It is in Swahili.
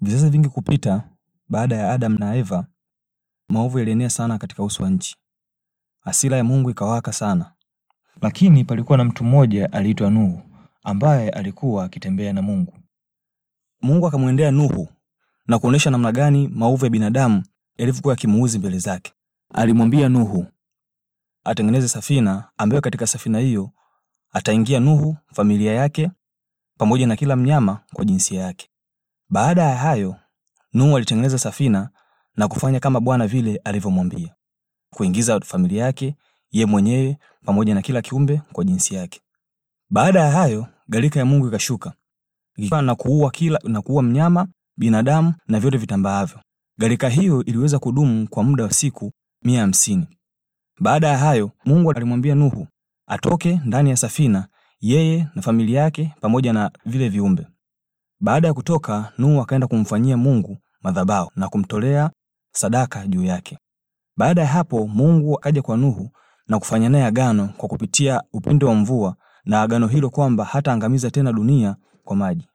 Vizazi vingi kupita baada ya Adam na Eva, maovu yalienea sana katika uso wa nchi. Hasira ya Mungu ikawaka sana. Lakini palikuwa na mtu mmoja aliitwa Nuhu ambaye alikuwa akitembea na Mungu. Mungu akamwendea Nuhu na kuonesha namna gani maovu ya binadamu yalivyokuwa yakimuuzi mbele zake. Alimwambia Nuhu atengeneze safina ambayo katika safina hiyo ataingia Nuhu, familia yake pamoja na kila mnyama kwa jinsia yake. Baada ya hayo, Nuhu alitengeneza safina na kufanya kama Bwana vile alivyomwambia, kuingiza familia yake, ye mwenyewe pamoja na kila kiumbe kwa jinsi yake. Baada ya hayo, gharika ya Mungu ikashuka na kuua kila na kuua mnyama, binadamu na vyote vitambaavyo. Gharika hiyo iliweza kudumu kwa muda wa siku mia hamsini. Baada ya hayo, Mungu alimwambia Nuhu atoke ndani ya safina, yeye na familia yake pamoja na vile viumbe. Baada ya kutoka, Nuhu akaenda kumfanyia Mungu madhabahu na kumtolea sadaka juu yake. Baada ya hapo, Mungu akaja kwa Nuhu na kufanya naye agano kwa kupitia upinde wa mvua na agano hilo kwamba hataangamiza tena dunia kwa maji.